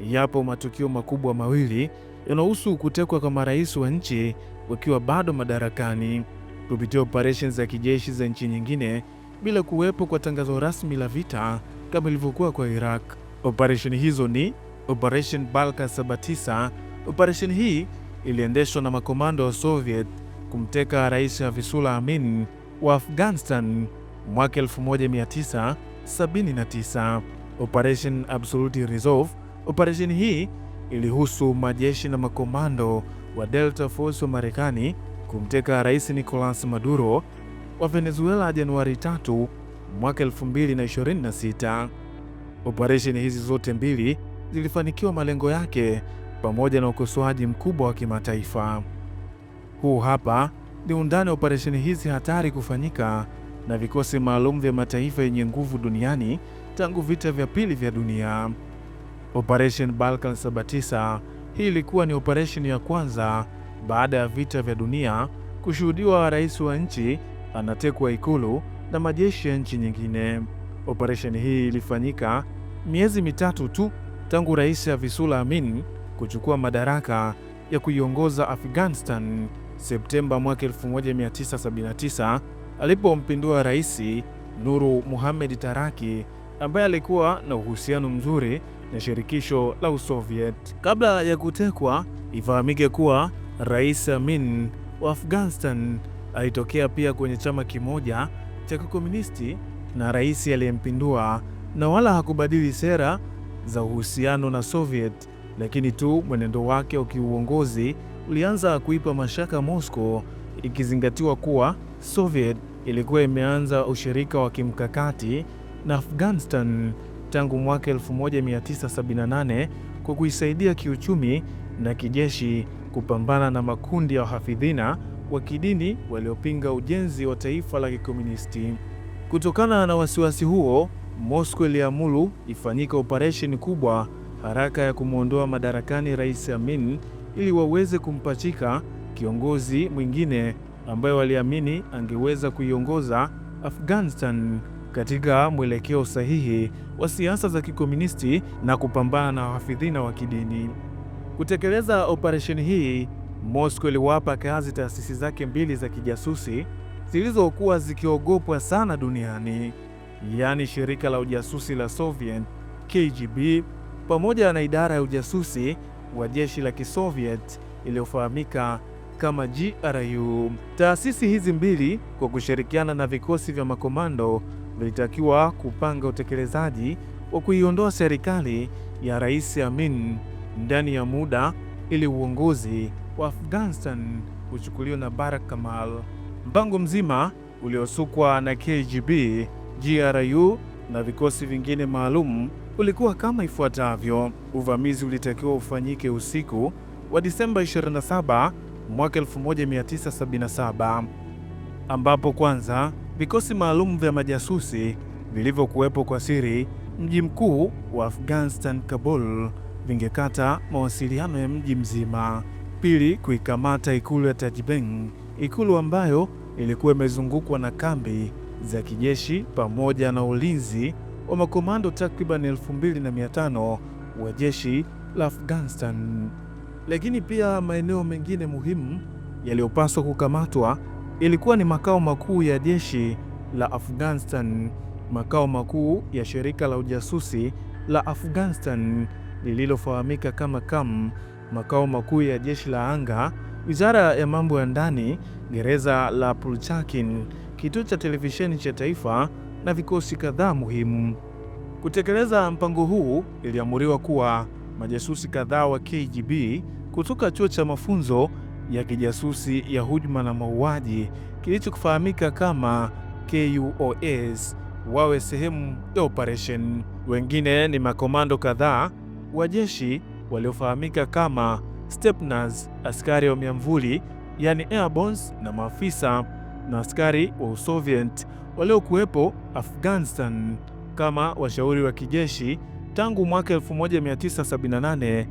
Yapo matukio makubwa mawili yanahusu kutekwa kwa marais wa nchi wakiwa bado madarakani kupitia operesheni za kijeshi za nchi nyingine bila kuwepo kwa tangazo rasmi la vita kama ilivyokuwa kwa Iraq. Operesheni hizo ni Operation balka 79. Operesheni hii iliendeshwa na makomando wa Soviet kumteka Rais Hafizullah Amin wa Afghanistan mwaka 1979. Operation Absolute Resolve Operesheni hii ilihusu majeshi na makomando wa Delta Force wa Marekani kumteka Rais Nicolas Maduro wa Venezuela Januari 3 mwaka 2026. Operesheni hizi zote mbili zilifanikiwa malengo yake pamoja na ukosoaji mkubwa wa kimataifa. Huu hapa ni undani wa operesheni hizi hatari kufanyika na vikosi maalum vya mataifa yenye nguvu duniani tangu vita vya pili vya dunia. Operation Balkan 79. Hii ilikuwa ni operesheni ya kwanza baada ya vita vya dunia kushuhudiwa rais wa nchi anatekwa ikulu na majeshi ya nchi nyingine. Operesheni hii ilifanyika miezi mitatu tu tangu Rais Avisula Amin kuchukua madaraka ya kuiongoza Afghanistan Septemba mwaka 1979 alipompindua Rais Nuru Muhammad Taraki ambaye alikuwa na uhusiano mzuri na shirikisho la Usoviet. Kabla ya kutekwa, ifahamike kuwa Rais Amin wa Afghanistan alitokea pia kwenye chama kimoja cha kikomunisti na rais aliyempindua, na wala hakubadili sera za uhusiano na Soviet, lakini tu mwenendo wake wa kiuongozi ulianza kuipa mashaka Moscow, ikizingatiwa kuwa Soviet ilikuwa imeanza ushirika wa kimkakati na Afghanistan tangu mwaka 1978 kwa kuisaidia kiuchumi na kijeshi kupambana na makundi ya wahafidhina wa kidini waliopinga ujenzi wa taifa la kikomunisti. Kutokana na wasiwasi huo, Moscow iliamuru ifanyike operesheni kubwa haraka ya kumwondoa madarakani Rais Amin ili waweze kumpachika kiongozi mwingine ambaye waliamini angeweza kuiongoza Afghanistan katika mwelekeo sahihi wa siasa za kikomunisti na kupambana na wahafidhina wa kidini. Kutekeleza operesheni hii, Moscow iliwapa kazi taasisi zake mbili za kijasusi zilizokuwa zikiogopwa sana duniani, yaani shirika la ujasusi la Soviet KGB pamoja na idara ya ujasusi wa jeshi la Kisoviet iliyofahamika kama GRU. Taasisi hizi mbili kwa kushirikiana na vikosi vya makomando lilitakiwa kupanga utekelezaji wa kuiondoa serikali ya Rais Amin ndani ya muda ili uongozi wa Afghanistan uchukuliwe na Barak Kamal. Mpango mzima uliosukwa na KGB, GRU na vikosi vingine maalum ulikuwa kama ifuatavyo. Uvamizi ulitakiwa ufanyike usiku wa Disemba 27 mwaka 1977, ambapo kwanza Vikosi maalum vya majasusi vilivyokuwepo kwa siri mji mkuu wa Afghanistan, Kabul, vingekata mawasiliano ya mji mzima. Pili, kuikamata ikulu ya Tajbeng, ikulu ambayo ilikuwa imezungukwa na kambi za kijeshi pamoja na ulinzi wa makomando takriban 2500 wa jeshi la Afghanistan. Lakini pia maeneo mengine muhimu yaliyopaswa kukamatwa Ilikuwa ni makao makuu ya jeshi la Afghanistan, makao makuu ya shirika la ujasusi la Afghanistan lililofahamika kama KAM, makao makuu ya jeshi la anga, wizara ya mambo ya ndani, gereza la Pulchakin, kituo cha televisheni cha taifa na vikosi kadhaa muhimu. Kutekeleza mpango huu, iliamuriwa kuwa majasusi kadhaa wa KGB kutoka chuo cha mafunzo ya kijasusi ya hujuma na mauaji kilichofahamika kama KUOS wawe sehemu ya operation. Wengine ni makomando kadhaa wa jeshi waliofahamika kama stepnas askari wa miamvuli yani airborns, na maafisa na askari wa Usoviet waliokuwepo Afghanistan kama washauri wa kijeshi tangu mwaka 1978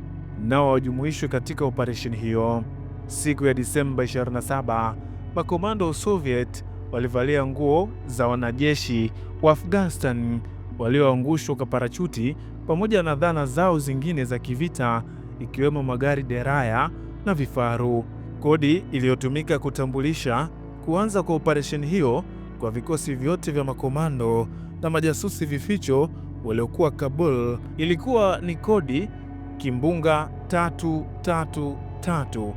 nao wajumuishwe katika operation hiyo. Siku ya Disemba 27, makomando wa Soviet walivalia nguo za wanajeshi wa Afghanistan walioangushwa kwa parachuti pamoja na dhana zao zingine za kivita ikiwemo magari deraya na vifaru. Kodi iliyotumika kutambulisha kuanza kwa operesheni hiyo kwa vikosi vyote vya makomando na majasusi vificho waliokuwa Kabul ilikuwa ni kodi kimbunga 333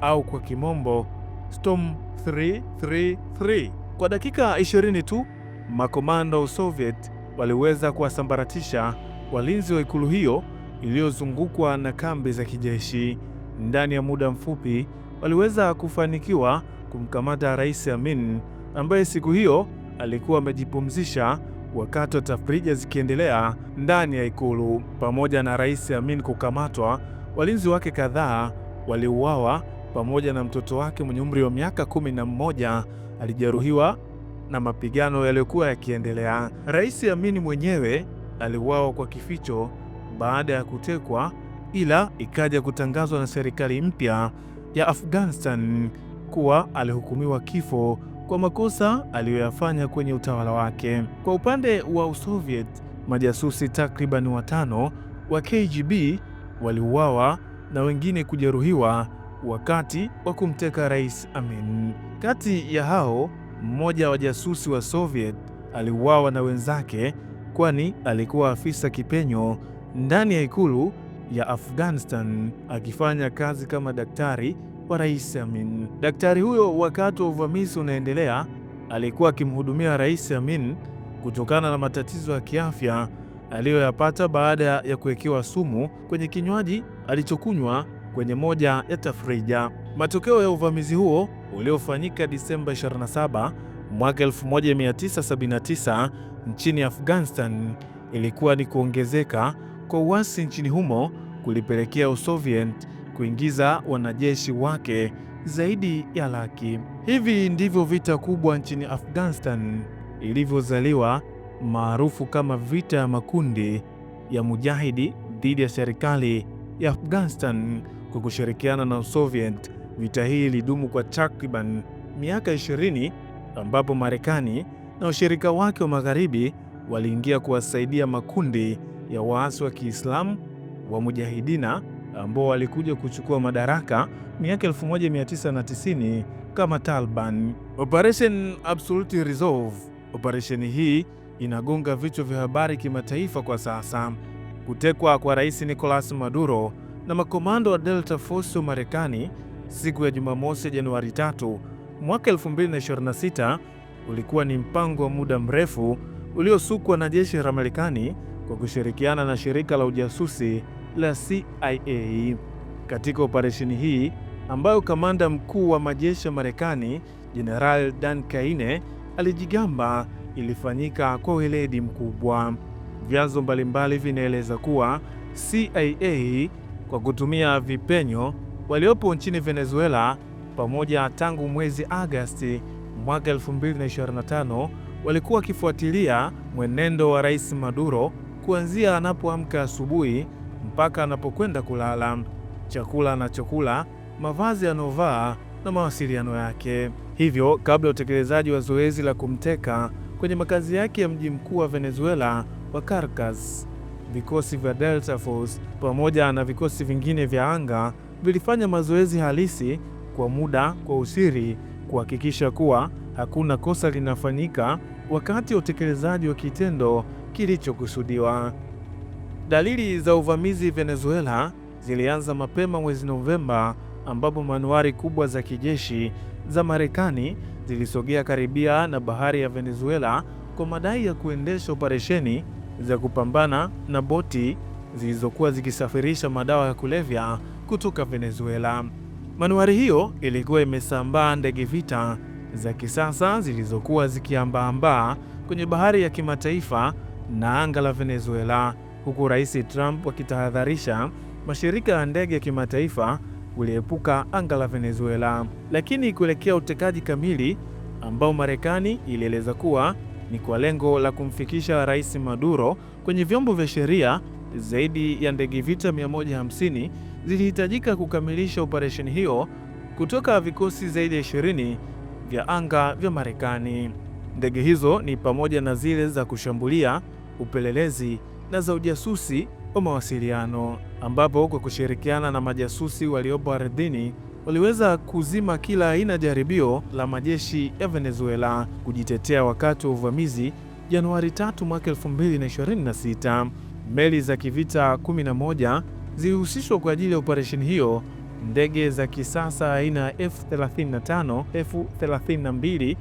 au kwa kimombo Storm 333. Kwa dakika 20 tu makomando wa Soviet waliweza kuwasambaratisha walinzi wa ikulu hiyo iliyozungukwa na kambi za kijeshi. Ndani ya muda mfupi waliweza kufanikiwa kumkamata Rais Amin ambaye siku hiyo alikuwa amejipumzisha wakati wa tafrija zikiendelea ndani ya ikulu. Pamoja na Rais Amin kukamatwa, walinzi wake kadhaa waliuawa pamoja na mtoto wake mwenye umri wa miaka kumi na mmoja alijeruhiwa na mapigano yaliyokuwa yakiendelea. Rais Amini mwenyewe aliuawa kwa kificho baada ya kutekwa, ila ikaja kutangazwa na serikali mpya ya Afghanistan kuwa alihukumiwa kifo kwa makosa aliyoyafanya kwenye utawala wake. Kwa upande wa Usoviet, majasusi takriban watano wa KGB waliuawa na wengine kujeruhiwa wakati wa kumteka Rais Amin. Kati ya hao, mmoja wa jasusi wa Soviet aliuawa na wenzake, kwani alikuwa afisa kipenyo ndani ya ikulu ya Afghanistan akifanya kazi kama daktari wa Rais Amin. Daktari huyo, wakati wa uvamizi unaendelea, alikuwa akimhudumia Rais Amin kutokana na matatizo ya kiafya aliyoyapata baada ya kuwekewa sumu kwenye kinywaji alichokunywa kwenye moja ya tafrija. Matokeo ya uvamizi huo uliofanyika Disemba 27 mwaka 1979 nchini Afghanistan ilikuwa ni kuongezeka kwa uasi nchini humo kulipelekea Usoviet kuingiza wanajeshi wake zaidi ya laki. Hivi ndivyo vita kubwa nchini Afghanistan ilivyozaliwa, maarufu kama vita ya makundi ya mujahidi dhidi ya serikali ya Afghanistan kwa kushirikiana na Soviet. Vita hii ilidumu kwa takriban miaka 20 ambapo Marekani na ushirika wake wa magharibi waliingia kuwasaidia makundi ya waasi wa Kiislamu wa mujahidina ambao walikuja kuchukua madaraka miaka 1990 kama Taliban. Operation Absolute Resolve. Operesheni hii inagonga vichwa vya habari kimataifa kwa sasa. Kutekwa kwa Rais Nicolas Maduro na makomando wa Delta Force wa Marekani siku ya Jumamosi Januari 3 mwaka 2026 ulikuwa ni mpango wa muda mrefu uliosukwa na jeshi la Marekani kwa kushirikiana na shirika la ujasusi la CIA. Katika operesheni hii ambayo kamanda mkuu wa majeshi ya Marekani Jeneral Dan Kaine alijigamba ilifanyika kwa weledi mkubwa. Vyanzo mbalimbali vinaeleza kuwa CIA kwa kutumia vipenyo waliopo nchini Venezuela pamoja tangu mwezi Agasti mwaka 2025 walikuwa wakifuatilia mwenendo wa Rais Maduro kuanzia anapoamka asubuhi mpaka anapokwenda kulala, chakula anachokula, mavazi anayovaa na mawasiliano yake. Hivyo, kabla ya utekelezaji wa zoezi la kumteka kwenye makazi yake ya mji mkuu wa Venezuela wa Caracas vikosi vya Delta Force pamoja na vikosi vingine vya anga vilifanya mazoezi halisi kwa muda kwa usiri kuhakikisha kuwa hakuna kosa linafanyika wakati wa utekelezaji wa kitendo kilichokusudiwa. Dalili za uvamizi Venezuela zilianza mapema mwezi Novemba, ambapo manuari kubwa za kijeshi za Marekani zilisogea karibia na bahari ya Venezuela kwa madai ya kuendesha operesheni za kupambana na boti zilizokuwa zikisafirisha madawa ya kulevya kutoka Venezuela. Manuari hiyo ilikuwa imesambaa ndege vita za kisasa zilizokuwa zikiambaambaa kwenye bahari ya kimataifa na anga la Venezuela, huku Rais Trump akitahadharisha mashirika ya ndege ya kimataifa kuliepuka anga la Venezuela, lakini kuelekea utekaji kamili ambao Marekani ilieleza kuwa ni kwa lengo la kumfikisha Rais Maduro kwenye vyombo vya sheria. Zaidi ya ndege vita 150 zilihitajika kukamilisha operesheni hiyo kutoka vikosi zaidi ya 20 vya anga vya Marekani. Ndege hizo ni pamoja na zile za kushambulia, upelelezi na za ujasusi wa mawasiliano, ambapo kwa kushirikiana na majasusi waliopo ardhini waliweza kuzima kila aina jaribio la majeshi ya Venezuela kujitetea wakati wa uvamizi Januari 3 mwaka 2026. Meli za kivita 11 zilihusishwa kwa ajili ya operesheni hiyo. Ndege za kisasa aina ya F35, F32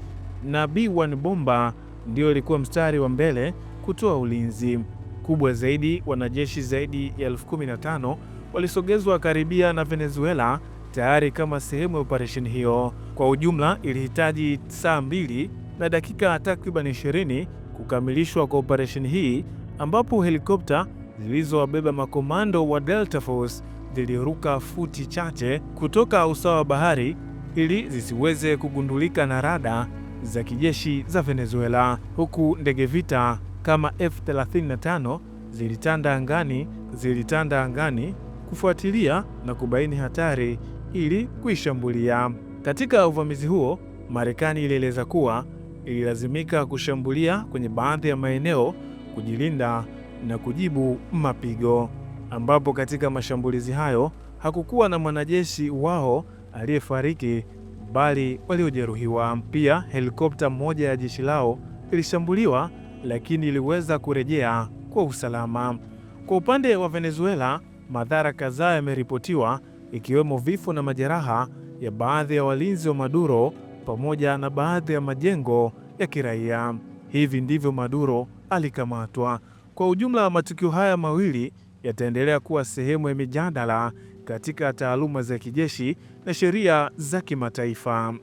na B1 bomba ndio ilikuwa mstari wa mbele kutoa ulinzi. Kubwa zaidi, wanajeshi zaidi ya elfu 15 walisogezwa karibia na Venezuela tayari kama sehemu ya operesheni hiyo. Kwa ujumla, ilihitaji saa mbili na dakika takriban 20 kukamilishwa kwa operesheni hii, ambapo helikopta zilizowabeba makomando wa Delta Force ziliruka futi chache kutoka usawa wa bahari ili zisiweze kugundulika na rada za kijeshi za Venezuela, huku ndege vita kama F-35 zilitanda angani zilitanda angani kufuatilia na kubaini hatari ili kuishambulia. Katika uvamizi huo, Marekani ilieleza kuwa ililazimika kushambulia kwenye baadhi ya maeneo kujilinda na kujibu mapigo, ambapo katika mashambulizi hayo hakukuwa na mwanajeshi wao aliyefariki bali waliojeruhiwa. Pia helikopta moja ya jeshi lao ilishambuliwa, lakini iliweza kurejea kwa usalama. Kwa upande wa Venezuela, madhara kadhaa yameripotiwa ikiwemo vifo na majeraha ya baadhi ya walinzi wa Maduro pamoja na baadhi ya majengo ya kiraia. Hivi ndivyo Maduro alikamatwa. Kwa ujumla, matukio haya mawili yataendelea kuwa sehemu ya mijadala katika taaluma za kijeshi na sheria za kimataifa.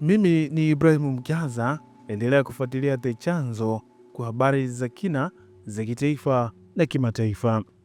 Mimi ni Ibrahimu mkaza endelea kufuatilia The Chanzo kwa habari za kina za kitaifa na kimataifa.